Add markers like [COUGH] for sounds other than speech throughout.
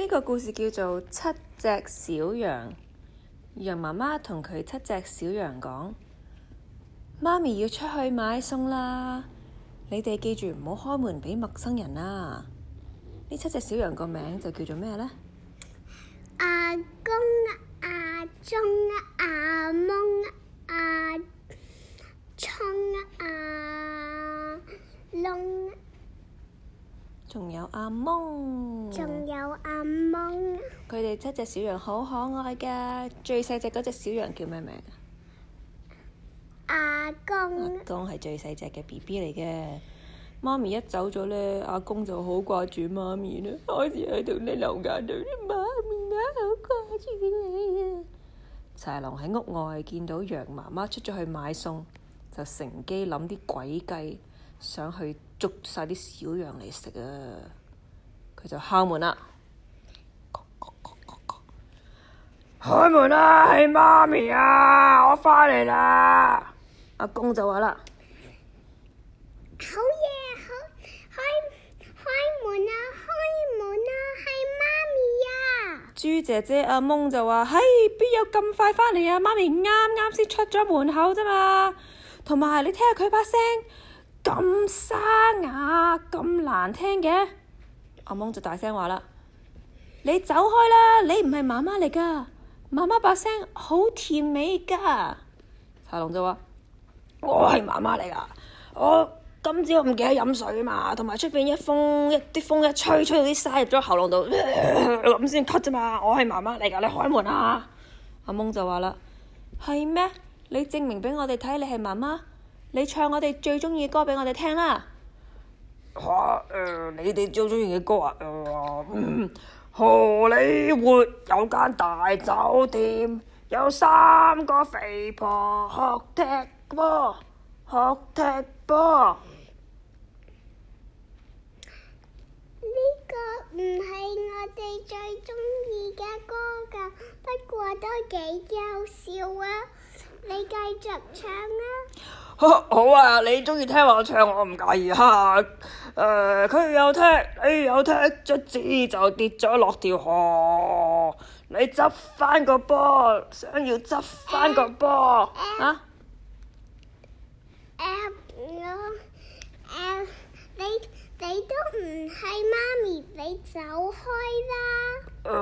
呢個故事叫做《七隻小羊》，羊媽媽同佢七隻小羊講：媽咪要出去買餸啦，你哋記住唔好開門俾陌生人啦。呢七隻小羊個名就叫做咩呢？阿公、阿中、阿蒙、阿。仲有阿蒙，仲有阿蒙。佢哋七隻小羊好可愛噶，最細隻嗰隻小羊叫咩名？阿公，阿公係最細隻嘅 B B 嚟嘅。媽咪一走咗呢，阿公就好掛住媽咪啦，開始喺度咧流眼淚，媽咪啊，好掛住你啊！豺狼喺屋外見到羊媽媽出咗去買餸，就乘機諗啲鬼計，想去。捉晒啲小羊嚟食啊！佢就敲門啦，開門啦，係媽咪啊，我翻嚟啦！阿公就話啦，好嘢，開開開門啊，開門啊，係媽咪啊！豬姐姐阿夢就話，嘿，邊有咁快翻嚟啊？媽咪啱啱先出咗門口啫嘛，同埋你聽下佢把聲。咁沙啞，咁難聽嘅，阿蒙就大聲話啦：你走開啦！你唔係媽媽嚟噶，媽媽把聲好甜美噶。柴龍就話：我係媽媽嚟噶，我今朝唔記得飲水嘛，同埋出邊一風一啲風一吹，吹到啲沙入咗喉嚨度咁先咳啫嘛。我係媽媽嚟噶，你開門啊！阿蒙就話啦：係咩？你證明俾我哋睇，你係媽媽。你唱我哋最中意歌俾我哋聽啦！吓、啊呃，你哋最中意嘅歌啊、呃嗯，荷里活有間大酒店，有三個肥婆學踢波，學踢波。呢個唔係我哋最中意嘅歌噶，不過都幾搞笑啊！你繼續唱啊。好，好啊！你鍾意聽我唱，我唔介意哈，哈。誒、呃，佢又踢，你又踢，卒之就跌咗落條河。你執翻個波，想要執翻個波，嚇？我你你都唔係媽咪，你走開啦！啊、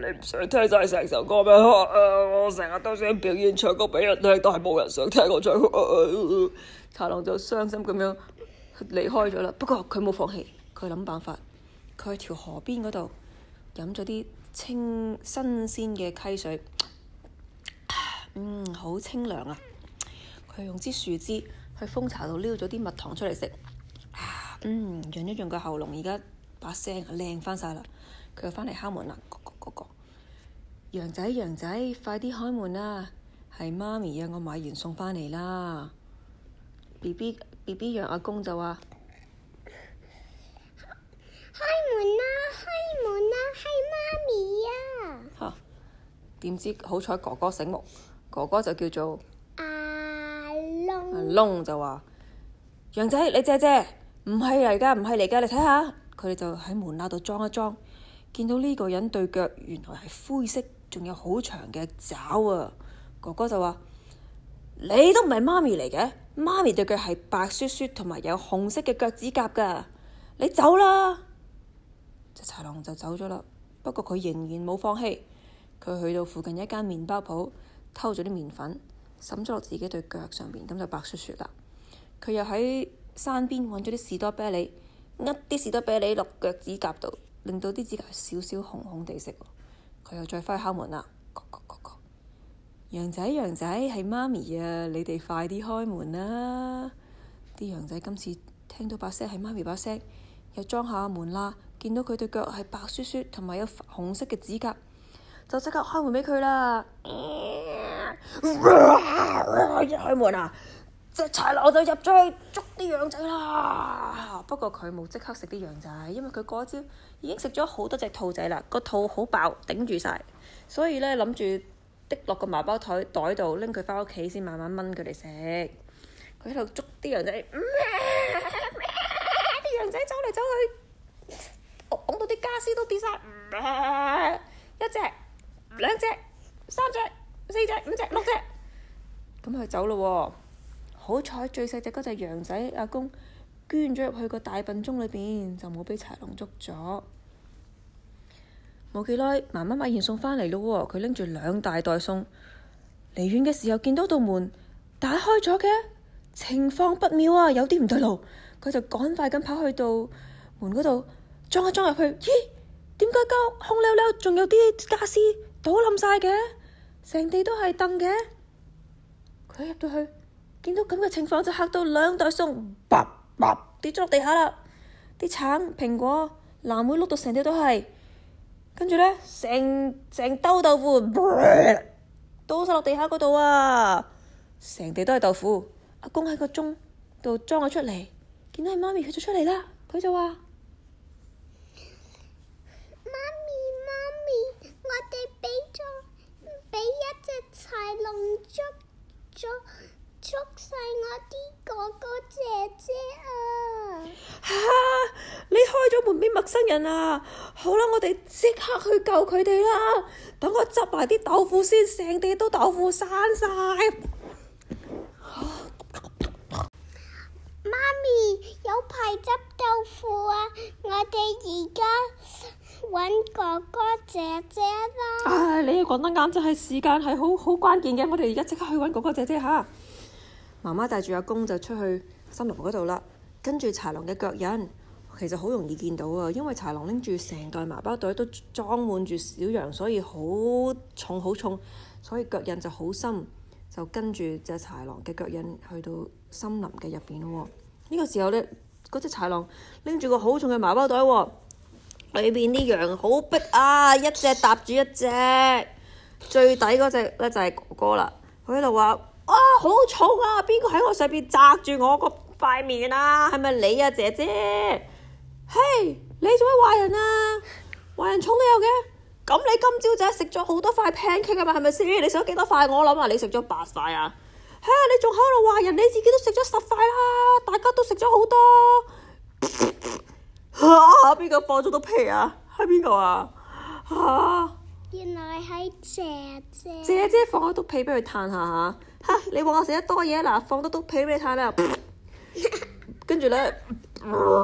你唔想聽晒成首歌咩、啊？我成日都想表演唱歌俾人聽，但係冇人想聽我唱歌。誒、啊、誒、啊、豺狼就傷心咁樣離開咗啦。不過佢冇放棄，佢諗辦法。佢去條河邊嗰度飲咗啲清新鮮嘅溪水，啊、嗯，好清涼啊！佢用支樹枝去蜂巢度撩咗啲蜜糖出嚟食、啊，嗯，潤一潤個喉嚨，而家把聲啊靚翻晒啦～佢翻嚟敲門啦，嗰嗰嗰個、那個、羊仔，羊仔快啲開門啦！係媽咪啊，我買完送翻嚟啦。B B B B，羊阿公就話：開門啦，開門啦，係媽咪啊！嚇點知好彩哥哥醒目，哥哥就叫做、啊、阿龍，阿龍就話：羊仔你借借，唔係嚟㗎，唔係嚟㗎，你睇下佢哋就喺門那度裝一裝。見到呢個人對腳原來係灰色，仲有好長嘅爪啊！哥哥就話：你都唔係媽咪嚟嘅，媽咪對腳係白雪雪，同埋有紅色嘅腳趾甲噶。你走啦！隻豺狼就走咗啦。不過佢仍然冇放棄，佢去到附近一間麵包鋪偷咗啲麵粉，滲咗落自己對腳上邊，咁就白雪雪啦。佢又喺山邊揾咗啲士多啤梨，呃啲士多啤梨落腳趾甲度。令到啲指甲少少紅紅地色，佢又再翻去敲門啦。羊仔，羊仔係媽咪啊！你哋快啲開門啦！啲羊仔今次聽到把聲係媽咪把聲，又裝下門啦。見到佢對腳係白雪雪，同埋有紅色嘅指甲，就即刻開門畀佢啦。要、啊啊啊啊啊啊啊、開門啊！一齊落就入咗去捉啲羊仔啦。不過佢冇即刻食啲羊仔，因為佢過一朝已經食咗好多隻兔仔啦，個肚好爆頂住晒，所以咧諗住的落個麻包台袋度拎，佢翻屋企先，慢慢掹佢嚟食。佢喺度捉啲羊仔，啲、嗯嗯、羊仔走嚟走去，拱到啲家私都跌晒。一隻、兩隻、三隻、四隻、五隻、六隻，咁佢走咯。好彩最細隻嗰隻羊仔，阿公捐咗入去個大笨鐘裏邊，就冇畀豺狼捉咗。冇幾耐，媽媽買完餸返嚟咯。佢拎住兩大袋餸離遠嘅時候，見到道門打開咗嘅情況不妙啊！有啲唔對路，佢就趕快咁跑去到門嗰度裝一裝入去。咦？點解間屋空溜溜，仲有啲家私倒冧晒嘅？成地都係凳嘅。佢入到去。見到咁嘅情況，就吓到兩袋餸，啪啪跌咗落地下啦！啲橙、蘋果、藍莓碌到成地都係，跟住咧成成兜豆腐，倒晒落地下嗰度啊！成地都係豆腐。阿公喺個鐘度裝咗出嚟，見到係媽咪，佢就出嚟啦，佢就話。啊！好啦，我哋即刻去救佢哋啦！等我執埋啲豆腐先，成地都豆腐散晒。媽咪有排執豆腐啊！我哋而家揾哥哥姐姐啦。唉、哎，你又講得啱，就係時間係好好關鍵嘅。我哋而家即刻去揾哥哥姐姐吓。媽媽帶住阿公就出去森林嗰度啦，跟住豺狼嘅腳印。其實好容易見到啊，因為豺狼拎住成袋麻包袋都裝滿住小羊，所以好重好重，所以腳印就好深。就跟住隻豺狼嘅腳印去到森林嘅入邊咯。呢個時候呢，嗰隻豺狼拎住個好重嘅麻包袋，裏邊啲羊好逼啊，一隻搭住一隻，最底嗰隻呢就係哥哥啦。佢喺度話：啊，好重啊！邊個喺我上邊揸住我個塊面啊？係咪你啊，姐姐？嘿，hey, 你做咩壞人啊？壞人寵都有嘅，咁你今朝就係食咗好多塊 pancake 啊嘛，係咪先？你食咗幾多塊？我諗啊，你食咗八塊啊？吓、啊，你仲喺度壞人？你自己都食咗十塊啦，大家都食咗好多。吓、 [LAUGHS] 啊，邊個放咗督屁啊？喺邊度啊？吓、啊，原來係姐姐。姐姐放咗督皮俾佢嘆下吓，吓、啊、你話我食得多嘢嗱，放多督皮俾你嘆啦。跟住咧。 [LAUGHS]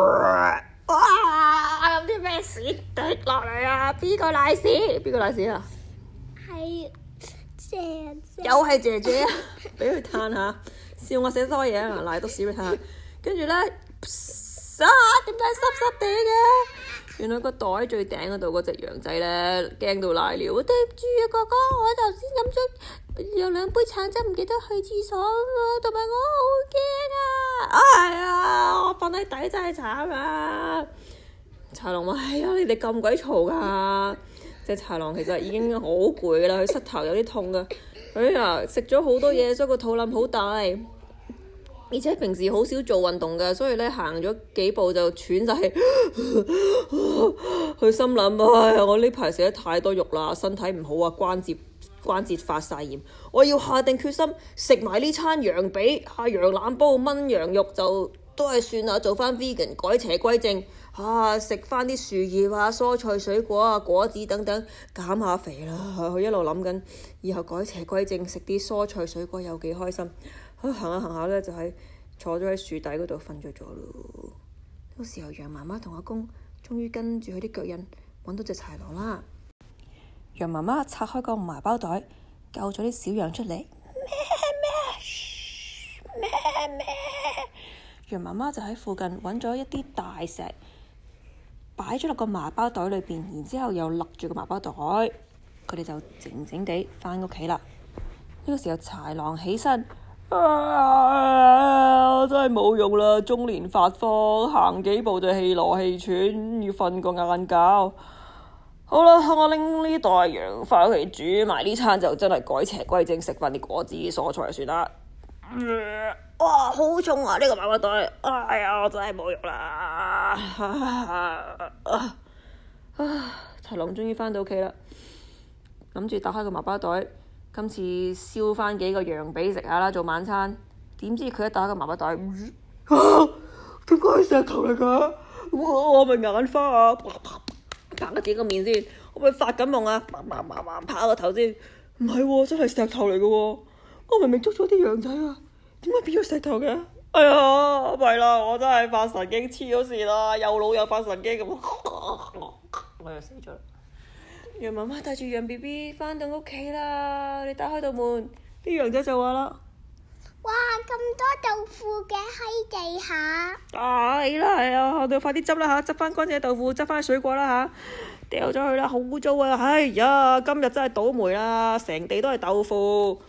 哇！有啲咩屎滴落嚟啊？邊個瀨屎？邊個瀨屎啊？係姐姐。又係姐姐，俾佢嘆下，笑我寫多嘢，瀨多屎俾佢嘆下，跟住咧，濕，點解濕濕哋嘅？原來個袋最頂嗰度嗰隻羊仔咧驚到瀨尿，對唔住啊哥哥，我頭先飲咗有兩杯橙汁，唔記得去廁所同埋我好驚啊！哎呀，我瞓喺底真係慘啊！豺狼話：哎呀，你哋咁鬼嘈噶！隻豺狼其實已經好攰噶啦，佢膝頭有啲痛啊，哎呀，食咗好多嘢，所以個肚腩好大。而且平時好少做運動嘅，所以咧行咗幾步就喘晒氣。佢心諗：啊、哎，我呢排食得太多肉啦，身體唔好啊，關節關節發晒炎。我要下定決心食埋呢餐羊髀、啊羊腩煲、燜羊肉就都係算啦，做翻 vegan 改邪歸正。啊，食翻啲樹葉啊、蔬菜水果啊、果子等等，減下肥啦。佢、啊、一路諗緊以後改邪歸正，食啲蔬菜水果有幾開心。佢行下行下咧，就喺、啊啊、坐咗喺樹底嗰度瞓咗咗咯。呢個時候，羊媽媽同阿公終於跟住佢啲腳印揾到隻豺狼啦。羊媽媽拆開個麻包袋，救咗啲小羊出嚟。咩咩，咩咩。咩，羊媽媽就喺附近揾咗一啲大石，擺咗落個麻包袋裏邊，然之後又勒住個麻包袋。佢哋就靜靜地返屋企啦。呢、這個時候，豺狼起身。啊！我真係冇用啦，中年發福，行幾步就氣羅氣喘，要瞓個晏覺。好啦，我拎呢袋洋翻屋企煮埋呢餐，就真係改邪歸正，食翻啲果子蔬菜就算啦、嗯。哇！好重啊，呢、呢個麻包袋。哎呀，我真係冇用啦。啊啊！唉齊龍終於翻到屋企啦，諗住打開個麻包袋。今次燒翻幾個羊髀食下啦，做晚餐。點知佢一打個麻麻袋，唔知點解係石頭嚟㗎？我咪眼花啊！啪，拍下自己個面先，我咪發緊夢啊！啪啪啪啪，拍下個頭先。唔係喎，真係石頭嚟㗎喎！我明明捉咗啲羊仔啊，點解變咗石頭嘅？哎呀，唔係啦，我真係發神經黐咗線啦，又老又發神經咁。我又死咗。羊媽媽帶住羊 B B 返到屋企啦！你打開道門，啲羊仔就話啦，哇，咁多豆腐嘅喺地下！係啦係啊，我哋快啲執啦嚇，執翻乾淨豆腐，執翻水果啦嚇，掉咗佢啦，好污糟啊！哎呀，今日真係倒霉啦，成地都係豆腐。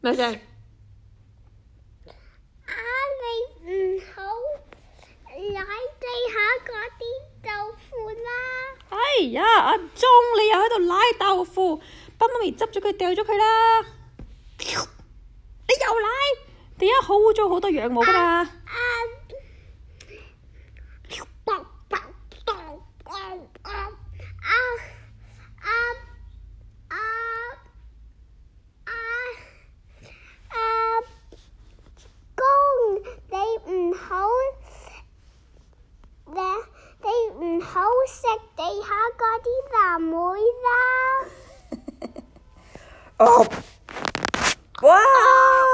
咩聲？啊，你唔好。嗯你拉地下嗰啲豆腐啦！哎呀，阿中你又喺度拉豆腐，幫媽咪執咗佢，掉咗佢啦！你又拉，地下好污糟好多羊毛噶嘛！啊啊啊啊啲藍妹啦！ [LAUGHS] 哦，哇！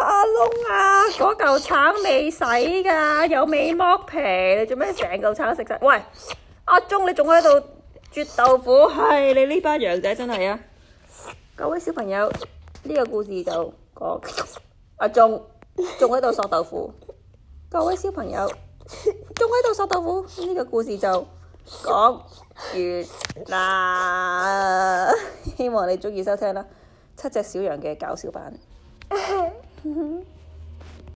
阿窿啊，嗰嚿橙未洗噶，又未剝皮，你做咩成嚿橙食晒？喂，阿鍾你仲喺度啜豆腐，係、哎、你呢班羊仔真係啊！各位小朋友，呢、這個故事就講阿鍾仲喺度嗦豆腐。 [LAUGHS] 各位小朋友仲喺度嗦豆腐，呢、這個故事就。講完啦，希望你鍾意收聽啦，《七隻小羊》嘅搞笑版。 [LAUGHS]